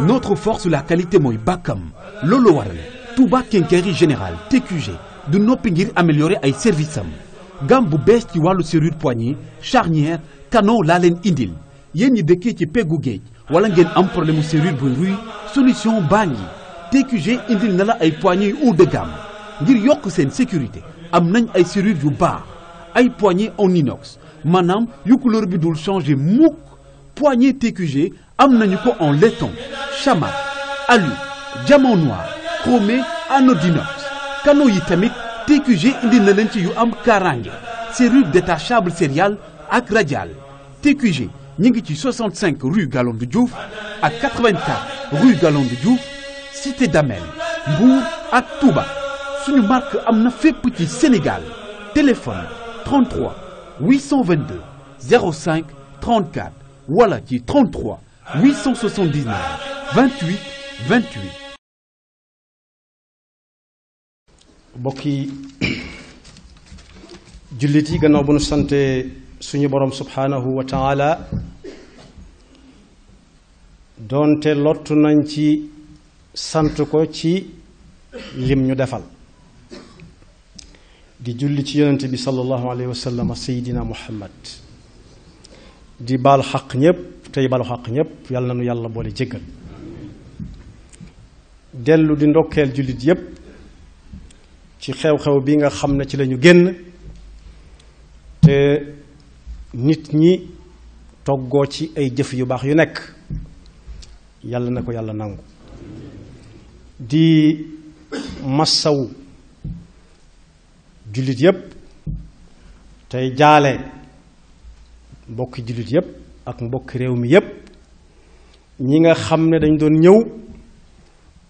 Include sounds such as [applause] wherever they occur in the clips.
notre force la qualité mooy bàkkam loolu waral Touba Quincaillerie général TQG du noppi ngir améliorer ay service am gamme bu bees ci wàllu serrure poignée charnière canon laa leen indil yéen ñi dëkkee ci peggu géej wala ngeen am problème mu serrure buy ruy solution baa ngi TQG indil na la ay poignées yu haut de ngir yokk seen sécurité am nañ ay serrure yu baax ay poignées en inox maanaam yu couleur bi dul changer mukk poignée TQG am nañu ko en laiton chamat alu diamant noir chromé anodinox canaux yi tamit TQG indi na leen ci yu am kaaraange serrure détachable sérial ak radial TQG ñi ngi ci 65 rue Galandou Diouf ak 84 rue Galandou Diouf cité d'Amel Mbour ak Touba suñu marque am na fépp ci Sénégal téléphone 33 822 05 34 wala ci 33 879 28 yi jullit yi gannaaw bu nu sante suñu borom subhaanahu wa taala doonte lottu nañ ci sant ko ci lim ñu defal di julli ci yonente bi sallallahu alayhi wa sallam muhammad di baal xaq ñépp tey balu xaq ñépp yàlla na nu yàlla boole jéggal dellu di ndokkeel jullit yépp ci xew-xew bi nga xam ne ci lañu génn te nit ñi toggoo ci ay jëf yu baax yu nekk yàlla na ko yàlla nangu di massawu jullit yépp tey jaale mbokki jullit yépp ak mbokk réew mi yépp ñi nga xam ne dañ doon ñëw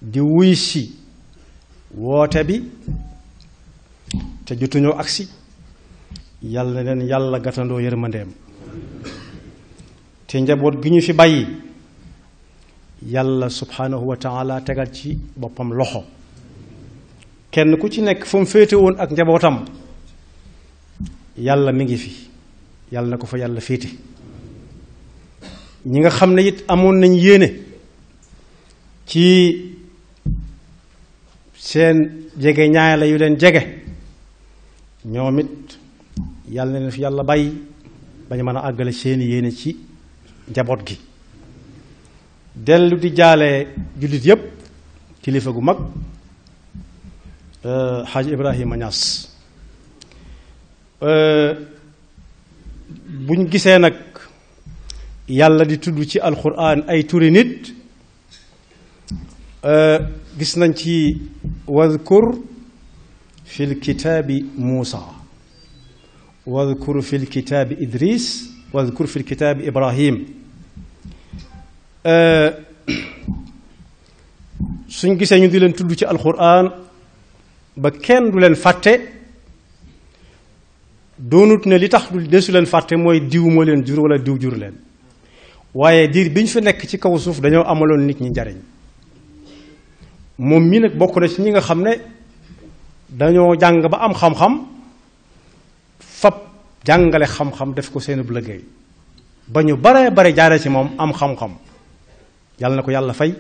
di wuy si woote bi te jotuñoo agsi yàlla na leen yàlla gàttandoo yërmandeem te njaboot gi ñu fi bàyyi yàlla subhanahu wa tegal ci boppam loxo kenn ku ci nekk fu mu féete woon ak njabootam yàlla mi ngi fi yàlla na ko fa yàlla féete ñi nga xam ne it amoon nañ yéene ci seen jege ñaay la yu leen jege ñoom it yàlla na leen fi yàlla bàyyi bañu mën a àggale seen yéene ci njaboot gi dellu di jaale jullit yépp kilifa gu mag xaaji euh, Ibrahima Niass euh, buñ gisee nag yàlla di tudd ci alxuraan ay turi nit gis nañ ci wadkur fi lkitaabi muusa wadkur fi lkitaabi idris wadkur fi lkitaabi ibrahim suñ gisee ñu di leen tudd ci alxuraan ba kenn du leen fàtte doonut ne li tax du desu leen fàtte mooy diw moo leen jur wala diw jur leen waaye diir bi ñu fi nekk ci kaw suuf dañoo amaloon nit ñi njariñ moom mii nag bokk na ci ñi nga xam ne dañoo jàng ba am xam-xam fab jàngale xam-xam def ko seenub liggéey ba ñu bare bare jaare ci moom am xam-xam yàlla na ko yàlla fay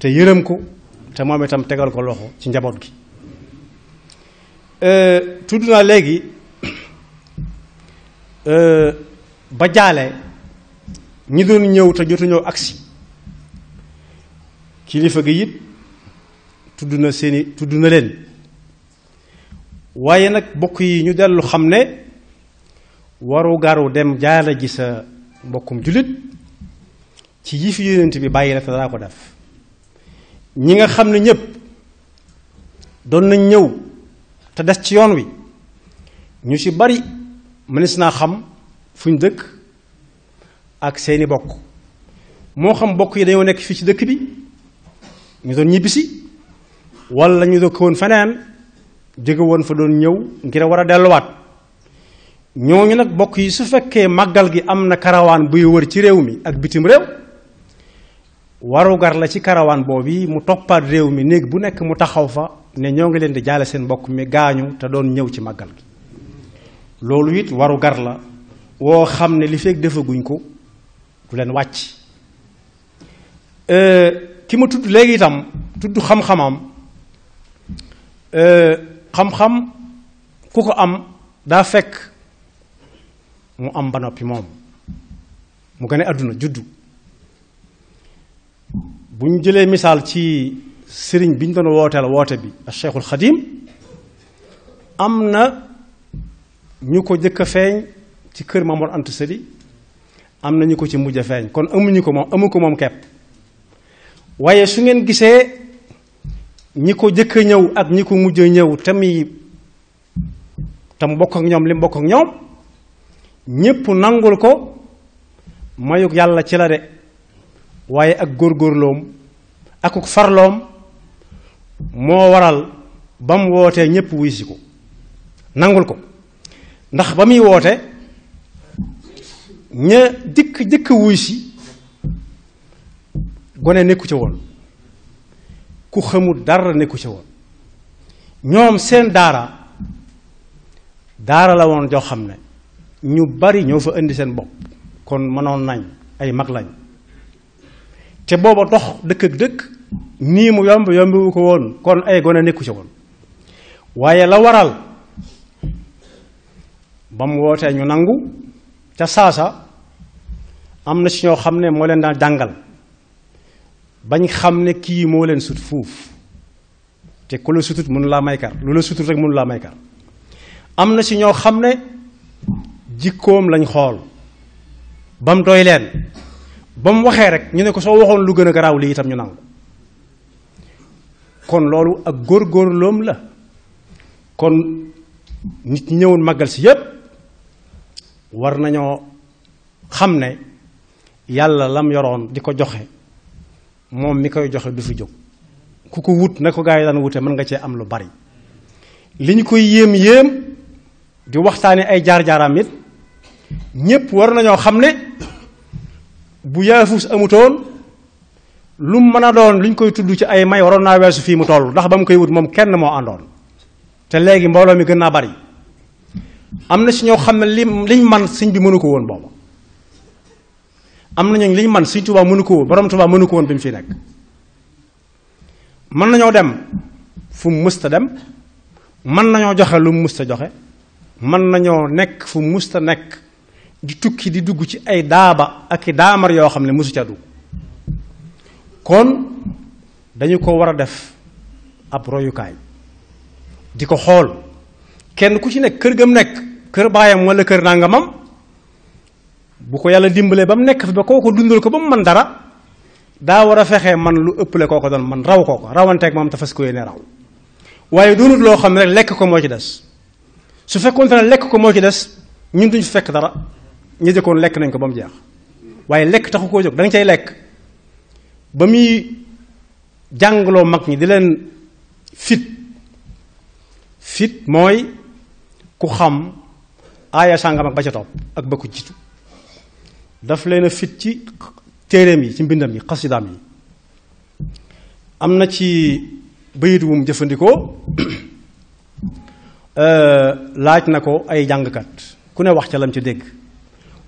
te yërëm ko te moom itam tegal ko loxo ci njaboot gi euh, tudd naa léegi euh, ba jaale ñi doon ñëw te jotuñoo agsi kilifa gi it tudd na seeni tudd na leen waaye nag bokk yi ñu dellu xam ne waru garu dem jaala ji sa mbokkum jullit ci yi fi bi bàyyi la te dara ko def ñi nga xam ne ñépp doon nañ ñëw te des ci yoon wi ñu ci bari mënees naa xam fuñ dëkk ak seeni bokk moo xam bokk yi dañoo nekk fii ci dëkk bi ñu doon ñibbisi wala ñu dëkk woon feneen jóge woon fa doon ñëw ngir war a delluwaat ñooñu nag bokk yi su fekkee màggal gi am na karawaan buy wër ci réew mi ak bitim réew warugar la ci karawaan boobu mu toppaat réew mi néeg bu nekk mu taxaw fa ne ñoo ngi leen di jaale seen mbokk mi gaañu te doon ñëw ci màggal gi loolu it warugar la woo xam ne li fekk defaguñ ko du leen wàcc euh, ki ma tudd léegi itam tudd xam-xamam euh, xam-xam ku ko am daa fekk mu am ba noppi moom mu gën a àdduna juddu bu ñu jëlee misaal ci sëriñ bi ñu doon wooteel woote bi ak Cheikhul Xadim am na ñu ko jëkk a feeñ ci kër Mamoor Anta Sali am nañu ko ci mujj feeñ kon amuñu ko moom amu ko moom kepp waaye su ngeen gisee ñi ko jëkk a ñëw ak ñi ko mujj a ñëw tamit tam bokk ak ñoom li mu bokk ak ñoom ñépp nangul ko mayuk yàlla ci la de waaye ak góorgóorloom ak ak farloom moo waral ba mu wootee ñépp wuy si ko nangul ko ndax ba muy woote ña jëkk jëkk wuy si gone nekku ci woon ku xamul dara nekku ci woon ñoom seen daara daara la woon joo xam ne ñu bari ñoo fa indi seen bopp kon mënoon nañ ay mag lañ te booba dox dëkk ak dëkk nii mu yomb yombiwu ko woon kon ay gone nekku ci woon waaye la waral ba mu wootee ñu nangu ca saa saasa am na ci ñoo xam ne moo leen daal jàngal bañ xam ne kii moo leen sut fuuf te ku la sutut mënu laa maykar lu la sutut rek mënu laa maykar am na ci ñoo xam ne jikkoom lañ xool ba mu doy leen ba mu waxee rek ñu ne ko soo waxoon lu gën a garaaw lii itam ñu nangu kon loolu ak góor góorgóorloom la kon nit ñëwul ñëwoon si yépp war nañoo xam ne yàlla lam yoroon di ko joxe moom mi koy joxe du fi jóg ku ko wut na ko gaa yi daan wute mën nga cee am lu bari li ñu koy yéem yéem di waxtaane ay jaar-jaaraam it ñépp war nañoo xam ne bu yaafus amutoon lu mën a doon lu ñu koy tudd ci ay may waroon naa weesu fii mu toll ndax ba mu koy wut moom kenn moo àndoon te léegi mbooloo mi gën naa bari am na si ñoo xam ne li liñ man sëñ bi mënu ko woon boobu am na ñu liñ man sëñ Tuubaa mënu ko woon borom Tuubaa mënu ko woon bi mu fi nekk mën nañoo dem fu mu musta dem mën nañoo joxe lu mu musta joxe mën nañoo nekk fu mu musta nekk di tukki di dugg ci ay daaba ak daamar yoo xam ne musu ca dugg kon dañu ko war a def ab royukaay di ko xool kenn ku ci nekk kër gam nekk kër baayam wala kër nangamam bu ko yàlla dimbalee ba mu nekk fi ba koo ko dundal ko ba mu man dara daa war a fexee man lu ëpple koo ko doon man raw koo ko rawanteeg moom te fas ko yéene raw waaye doonut loo xam ne rek lekk ko moo ci des su fekkoon ne lekk ko moo ci des ñun duñu fekk dara ñu jëkkoon lekk nañ ko ba mu jeex waaye lekk taxu koo jóg da nga lekk ba muy jàngaloo mag ñi di leen fit fit mooy ku xam aaya sàngam ak ba ca topp ak ba ko jiitu daf leen a fit ci téereem yi ci mbindam yi xasidaam yi am na ci bayit wum jëfandikoo [clears throat] euh, laaj na ko ay jàngkat ku ne wax ca lam ci dégg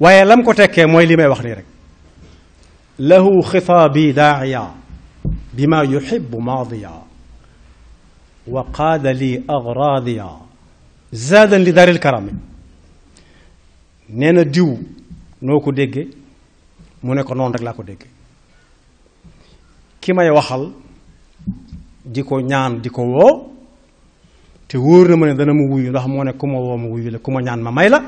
waaye lam ko tekkee mooy li may wax nii rek lahu xitaabi daaiya bima yuxibu maadiya wa qaada li agraadiya zaadan li daril karame nee na diw noo ko dégge mu ne ko noonu rek laa ko dégge ki may waxal di ko ñaan di ko woo te wóor na ma ne dana ma wuyu ndax moo ne ku ma woo ma wuyu la ku ma ñaan ma may la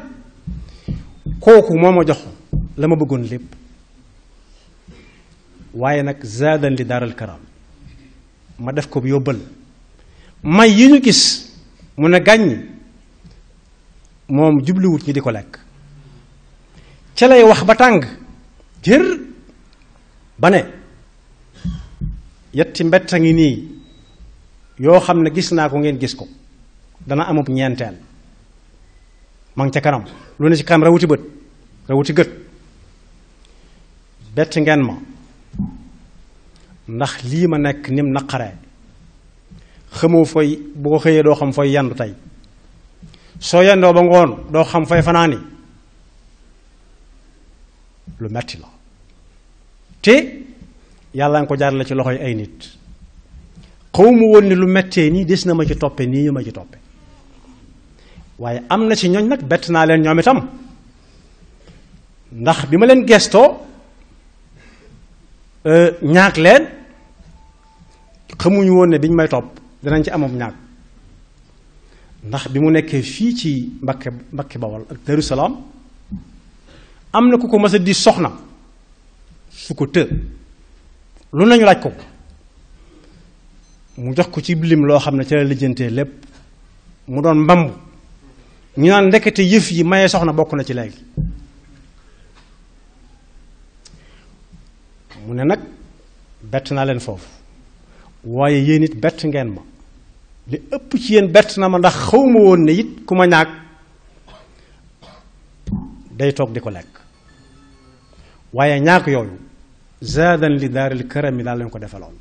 kooku moo ma jox la ma bëggoon lépp waaye nag zaadan li daaral karam ma def ko yóbbal may yi ñu gis mu ne gàññi moom jubluwut ñi di ko lekk ca lay wax ba tàng jër ba ne yetti mbett a ngi nii yoo xam ne gis naa ko ngeen gis ko dana amub ñeenteel ma ngi ca kanam lu ne ci kanam rawuti bët rawuti gët bett ngeen ma ndax lii ma nekk nim naqaree xamoo fooy boo xëyee doo xam fooy yandu tey soo yendoo ba ngoon doo xam fay fanaani lu metti la te yàlla nga ko jaarale ci loxo yi ay nit xaw ma woon ni lu mettee nii des na ma ci toppe nii ñu ma ci toppe waaye am na ci ñooñ nag bett naa leen ñoom itam ndax bi ma leen gestoo euh, ñaag leen xamuñu woon ne biñ may topp dinañ ci amam ñaag ndax bi mu nekkee fii ci Mbakke Mbakke Bawal ak Daaru Salaam am na ku ko mës di soxna su ko të lu nañu laaj ko mu jox ko ci lim loo xam ne ca la lijjantee lépp mu doon mbamb ñu naan ndekete yëf yi maye soxna bokk na ci léegi mu ne nag bett naa leen foofu waaye yéen it bett ngeen ma li ëpp ci yéen bert na ma ndax xaw ma woon ne it ku ma ñaag day toog di ko lekk waaye ñaag yooyu zaadan li këram karami daal lañ ko defaloon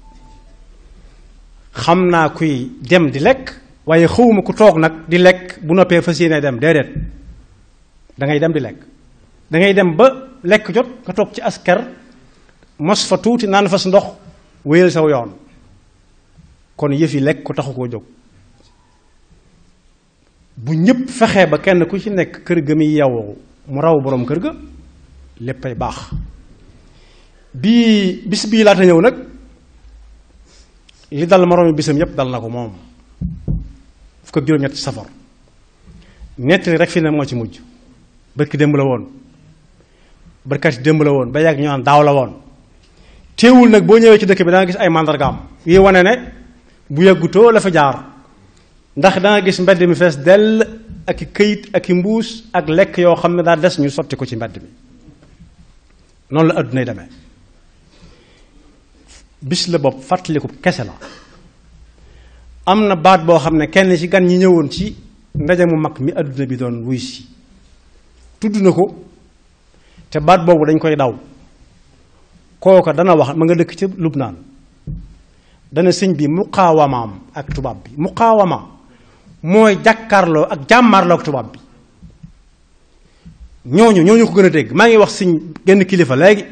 xam naa kuy dem di lekk waaye xawuma ku toog nag di lekk bu noppee fas yéene dem déedéet dangay dem di lekk dangay dem ba lekk jot nga toog ci askar mos fa tuuti naan fas ndox wéyal saw yoon kon yëf yi lekk ko taxu koo jóg bu ñëpp fexee ba kenn ku ci nekk kër ga muy yewwu mu raw boroom kër ga léppay baax bii bis bii laata ñëw nag li dal moroomi bisam yépp dal na ko moom fukk ak juróom-ñett ci safar nettali rek fii ne moo ci mujj bërki démb la woon bërkati démb la woon ba yàgg ñu naan daaw la woon teewul nag boo ñëwee ci dëkk bi da gis ay màndargaam yi wane ne bu yàggutoo la fa jaar ndax danga gis mbedd mi fees dell ak i këyit ak i mbuus ak lekk yoo xam ne daa des ñu sotti ko ci mbedd mi noonu la àddunay demee bis la bopp fàttaliku kese la am na baat boo xam ne kenn ci gan ñi ñëwoon ci ndaje mu mag mi àdduna bi doon wuy si tudd na ko te baat boobu dañ koy daw kooka dana wax ma nga dëkk ci naan dana sëñ bi muqaawamaam ak tubaab bi muqaawama mooy jàkkaarloo ak jàmmaarloo ak tubaab bi ñooñu ñooñu ko gën a dégg maa ngi wax sëñ genn kilifa léegi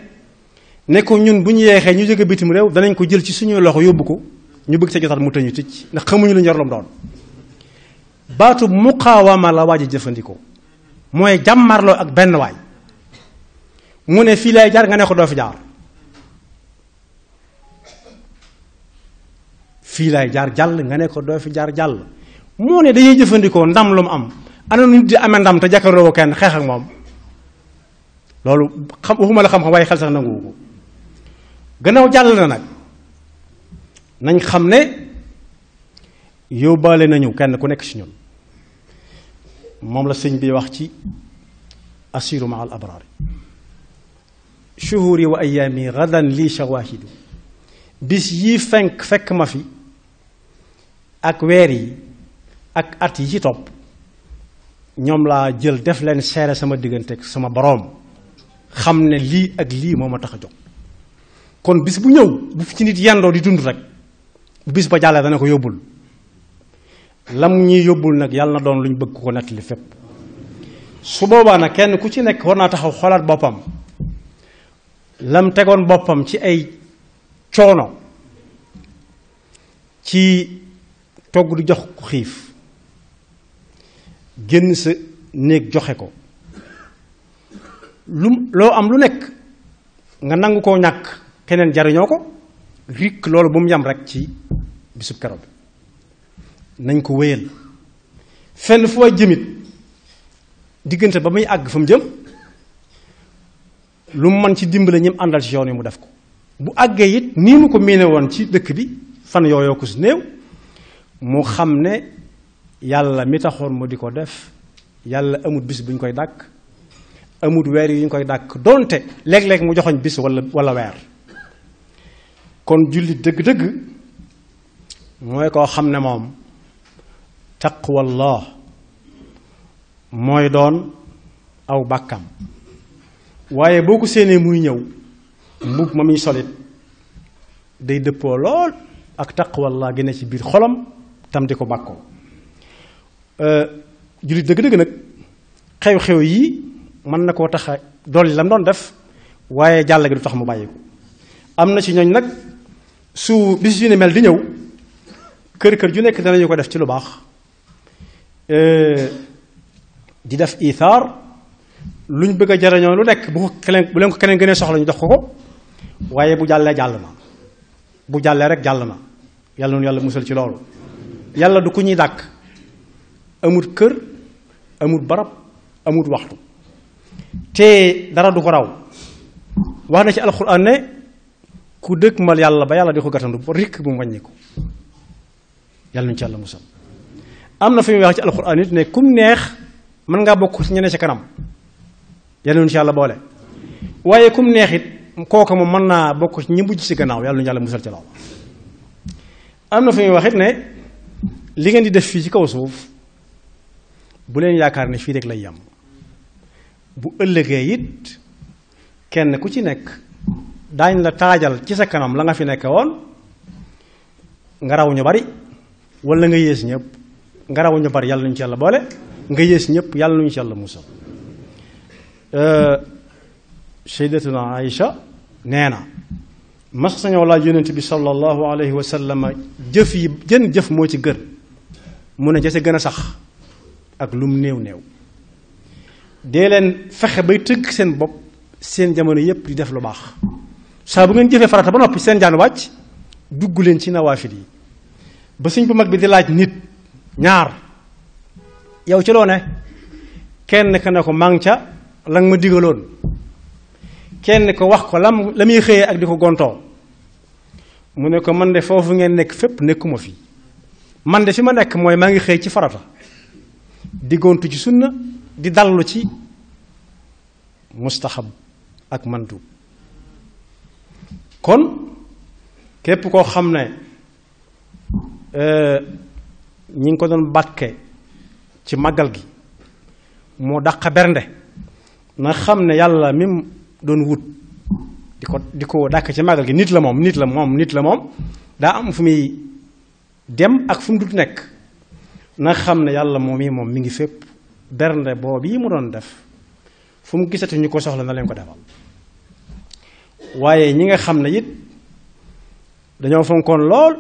ne ko ñun bu ñu yeexee ñu jóge bitim réew danañ ko jël ci suñuy loxo yóbbu ko ñu bëgg sa jotaat mu tëñu ticc ndax xamuñu lu njariñam doon baatu muqaawama la waaj a jëfandikoo mooy jàmmarloo ak benn waay mu ne fii lay jaar nga ne ko doo fi jaar fii laay jaar jàll nga ne ko doo fi jaar jàll moo ne dañuy jëfandikoo ndam lu mu am ana nit di amee ndam te jàkkaarloo kenn xeex ak moom loolu xam waxuma la xam-xam waaye xel sax nanguwu ko gannaaw jàll na nag nañ xam ne yóbbaale nañu kenn ku nekk ci ñun moom la sëñ bi wax ci asiru ma al abraar shuhuri wa ayaami gadan lii shawaahidu bis yii fenk fekk ma fi ak weer yi ak at yi ci topp ñoom laa jël def leen seere sama diggante ak sama boroom xam ne lii ak lii moo ma tax a jóg kon bis bu ñëw bu fi ci nit yandoo di dund rek bis ba jàllee dana ko yóbbul lam ñuy yóbbul nag yàlla na doon lu ñu bëgg ko nettali fépp su boobaa nag kenn ku ci nekk war naa taxaw xoolaat boppam lam tegoon boppam ci ay coono ci togg du jox ku xiif génn sa néeg joxe ko lu loo am lu nekk nga nangu koo ñàkk keneen jariñoo ko rikk loolu bu mu yam rek ci bisub keroog nañ ko wéyal fenn fu waay jëmit diggante ba muy àgg fa mu jëm lu mu mën ci dimbale ñim àndal ci yoon yi mu def ko bu àggee it nii mu ko miine woon ci dëkk bi fan yooyoo ko su néew mu xam ne yàlla mi taxoon mu di ko def yàlla amut bis bu ñu koy dàkk amut weer yu ñu koy dàkk doonte léeg-léeg mu joxoñ bis wala wala weer kon jullit dëgg-dëgg mooy koo xam ne moom taqwallah mooy doon aw bàkkam waaye boo ko séenee muy ñëw mbubb ma muy solit day dëppoo lool ak taqwallah gi ne ci biir xolom tam di ko bàkkoo euh, jullit dëgg-dëgg nag xew-xew yi mën na koo tax a dolli la doon def waaye jàll gi du tax mu bàyyi am na ci ñooñ nag su bis yu ne mel di ñëw kër kër ju nekk danañu ko def ci lu baax euh, di def ithaar luñ bëgg a jariñoo lu nekk bu ko keneen bu leen ko keneen gënee soxla ñu jox ko ko waaye bu jàllee jàll ma bu jàllee rek jàll na yàlla noonu yàlla musal ci loolu yàlla du ko ñuy dàkk amut kër amut barab amut waxtu te dara du ko raw wax na ci alxuraan ne ku dëkk ma yàlla ba yàlla di ko gàttandu ba rikk bu mu wàññeeku yàlla nañu ci yàlla musal am na fi muy wax ci alxuraan it ne kum neex mën ngaa bokk ci ñeneen ci kanam yàlla nañu ci waaye kum neex it kooka moom mën naa bokk ci ñi mujj ci gannaaw yàlla nañu yàlla musal ci law am na fi muy wax it ne li ngeen di def fii ci kaw suuf bu leen yaakaar ne fii rek lay yam bu ëllëgee it kenn ku ci nekk daañ la taajal ci sa kanam la nga fi nekk woon nga raw ñu bari wala nga yées ñëpp nga raw ñu bari yàlla nañu ci yàlla boole nga yées ñëpp yàlla nañu ci yàlla musal euh, sayyidatuna Aïcha nee na mas sañoo laaj yonent bi sallallahu alayhi wa sallam jëf yi jën jëf moo ci gër mu ne jase gën a sax ak lum néew néew dee leen fexe bay tëgg seen bopp seen jamono yépp di def lu baax saa bu ngeen jëfee farata ba noppi seen jaan wàcc dugg leen ci nawaafil yi ba sëñ bu mag bi di laaj nit ñaar yow ci loo ne kenn ka ne ko maa ngi ca la ma digaloon kenn ko wax ko lam la muy xëyee ak di ko gontoo mu ne ko man de foofu ngeen nekk fépp nekkuma fii man de fi ma nekk mooy maa ngi xëy ci farata di ci sunna di dallu ci mustaxab ak mandu kon képp koo xam ne euh, ñi ngi ko doon bàkke ci màggal gi moo dàq bernde na xam ne yàlla mim doon wut di ko di ko dàkk ci màggal gi nit la moom nit la moom nit la moom daa am fu muy dem ak fu mu dut nekk na xam ne yàlla moom yi moom mi ngi fépp bernde boobu yi mu doon def fu mu gisatu ñu ko soxla na leen ko defal waaye ñi nga xam ne it dañoo fonkoon lool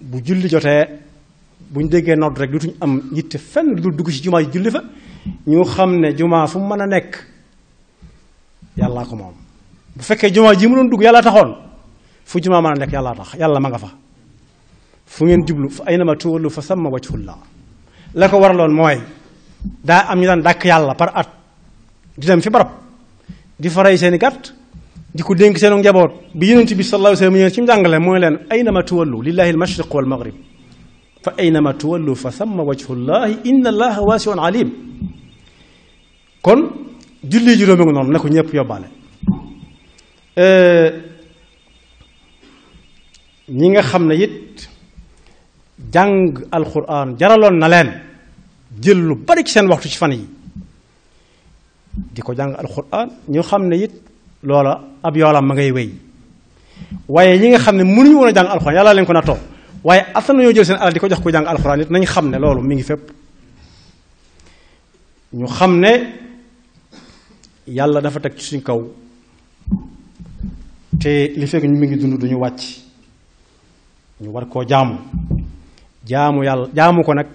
bu julli jotee bu ñu déggee nodd rek dutuñu am yitte fenn lu dul dugg ci jumaa ji julli fa ñu xam ne jumaa fu mu mën a nekk yàllaa ko moom bu fekkee jumaa ji mu doon dugg yàlla taxoon fu jumaa mën a nekk yàllaa tax yàlla ma nga fa fu ngeen jublu fa aynama tuwallu fa samma wajhullah la ko waraloon mooy daa am ñu daan dàkk yàlla par at di dem fi barab di fa rey seeni gàtt di ko dénk seenu njaboot bi yonent bi sallallahu alayhi wa sallam ci njàngale mooy leen aynama tuwallu lillahi almashriq walmaghrib fa aynama fa samma wajhullahi inna allaha waasiun alim kon julli juróomi ngi noonu na ko ñëpp yóbbaale ñi nga xam ne it jàng alxuraan jaraloon na leen jël lu bari ci seen waxtu ci fan yi di ko jàng alxuraan ñu xam ne it loola ab yoolam ma ngay wéy waaye ñi nga xam ne mënuñu woon a jàng alxuraan yàlla leen ko nattoo waaye asan nañoo jël seen alal di ko jox ko jàng alxuraan it nañ xam ne loolu mu ngi fépp ñu xam ne yàlla dafa teg ci suñ kaw te li fekk ñu mu ngi dund duñu wàcc ñu war koo jaamu jaamu yàlla jaamu ko nag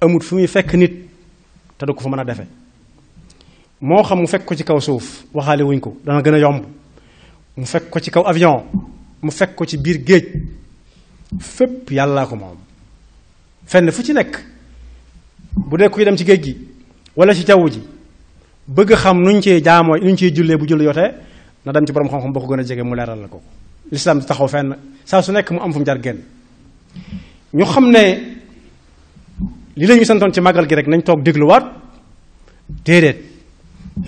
amut fu muy fekk nit te du ko fa mën a defe moo xam mu fekk ko ci kaw suuf waxaale wuñ ko dana gën a yomb mu fekk ko ci kaw avion mu fekk ko ci biir géej fépp yàllaa ko moom fenn fu ci nekk bu dee yi dem ci géej gi wala ci jaww ji bëgg xam nuñ cee jaamoo nuñ cee jullee bu julli yotee na dem ci borom xam-xam ba ko gën a jege mu leeral la ko lislaam di taxaw fenn saa su nekk mu am fu mu jar génn ñu xam ne li la ñu santoon ci màggal gi rek nañ toog dégluwaat déedéet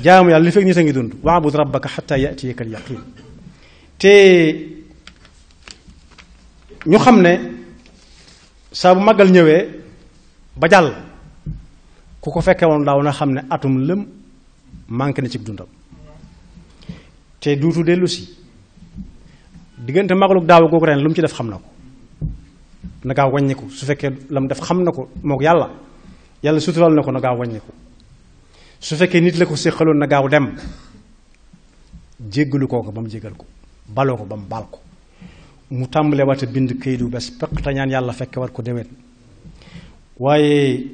jaamu yàlla li fekk nit a ngi dund waabud rabbaka xatta yatiyaka al yaqin te ñu xam ne saa bu màggal ñëwee ba jàll ku ko fekke woon daaw na xam ne atum lëm manqué na ci dundam te duutu dellu si diggante màggalug daaw googu ren lu mu ci def xam na ko na gaaw wàññiku su fekkee la mu def xam na ko moog yàlla yàlla sutural na ko na gaaw wàññiku su fekkee nit la ko séqaloon na gaaw dem jéggalu koo ko ba mu jéggal ko baloo ko ba mu baal ko mu tàmbalee waate bind këyit bu bes peq tañaan yàlla fekke war ko déwén waaye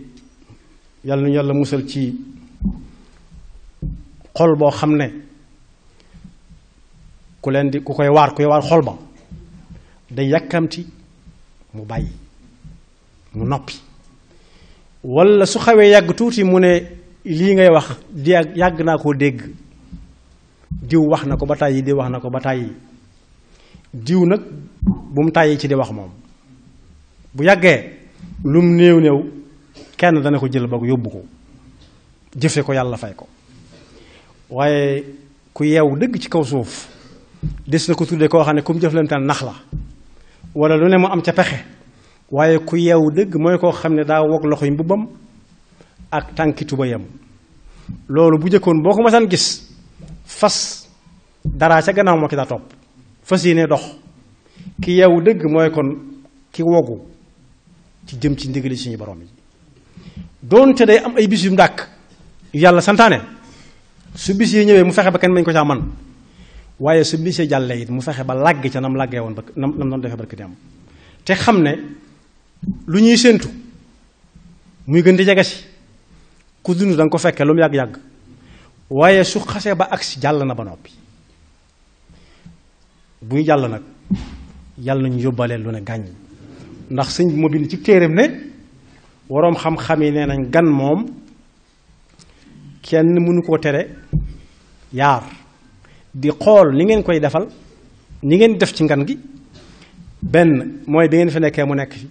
yàlla nañu yàlla musal ci xol boo xam ne ku leen di ku koy waar kuy waar xol ba day yàkkamti mu bàyyi mu noppi walla su xawee yàgg tuuti mu ne lii ngay wax di yàgg naa koo dégg diw wax na ko ba tàyyi diw wax na ko ba tàyyi diw nag bu mu tàyyi ci di wax moom bu yàggee lu mu néew néew kenn dana ko jël ba yóbbu ko jëfe ko yàlla fay ko waaye ku yeew dëgg ci kaw suuf des na ko tuddee koo xam ne ku mu jëflantaan nax la wala lu ne mu am ca pexe waaye ku yeewu dëgg mooy koo xam ne daa wog loxoy mbubbam ak tànki tubayam loolu bu njëkkoon boo ko masaan gis fas dara ca gannaaw ma ki daa topp fas ne dox ki yeewu dëgg mooy kon ki wogu ci jëm ci ndigali suñu borom yi doonte day am ay bis yu mu dàkk yàlla santaane su bis yi ñëwee mu fexe ba kenn mañ ko caa man waaye su bisee jàllee it mu fexe ba làgg ca nam làggee woon ba nam na doon defee barki dem te xam ne lu ñuy séentu muy gën di jege si ku dund da ko fekkee lu mu yàgg-yàgg waaye su xasee ba agsi jàll na ba noppi buy jàll nag yàlla nañu yóbbalee lu ne gàññ ndax sëñ moo bind ci téeram ne waroom xam-xam yi nee nañ gan moom kenn mënu koo tere yaar di xool ni ngeen koy defal ni ngeen def ci ngan gi benn mooy bi ngeen fi nekkee mu nekk ci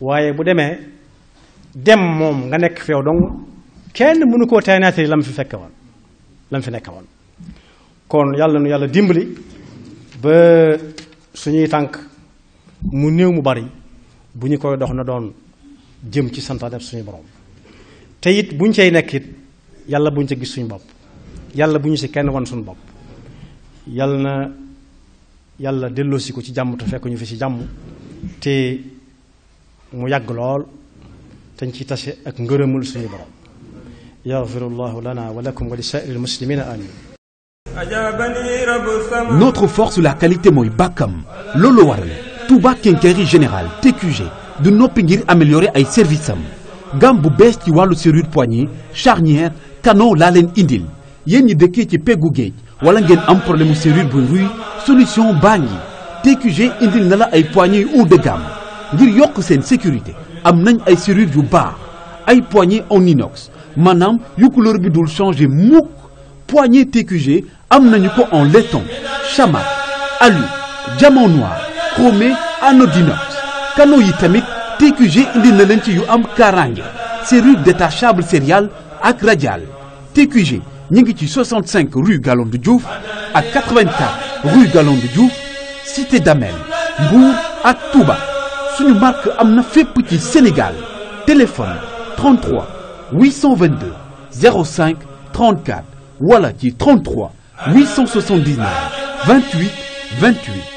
waaye bu demee dem moom nga nekk fi yow dong kenn mënu koo tey naatari lam fi fekke woon lam fi nekke woon kon yàlla nu yàlla dimbali ba suñuy tànk mu néew mu bari bu ñu koy dox na doon jëm ci santaane suñu borom te it bu ñu cay nekk yàlla bu ñu ca gis suñu bopp yàlla bu ñu si kenn wan suñu bopp yal na yàlla delloosi ko ci jàmm te fi ci jàmm te mu yàgg lool te ci tase ak ngërëmul suñu borom Notre force la qualité mooy bàkkam loolu waral Touba Quincaillerie Générale TQG du noppi ngir améliorer ay service am gamme bu bees ci wàllu serrure poignée charnière canon laa leen indil yéen ñi dëkkee ci peggu géej wala ngeen am problème mu serrure buy ruy solution baa ngi TQG indil na la ay poignées haut de gamme ngir yokk seen sécurité am nañ ay serrure yu baax ay poignées en inox maanaam yu couleur bi dul changer mukk poignée TQG am nañu ko en laiton chamat alu diamant noir chromé anodinox kano yi tamit TQG indil na leen ci yu am kaaraange serrure détachable céréale ak radial TQG. ñu ngi ci 65 rue Galandou Diouf ak 84 rue Galandou Diouf cité d'Amel Mbour ak Touba suñu marque am na fépp ci Sénégal téléphone 33 822 05 34 wala ci 33 879 28 28.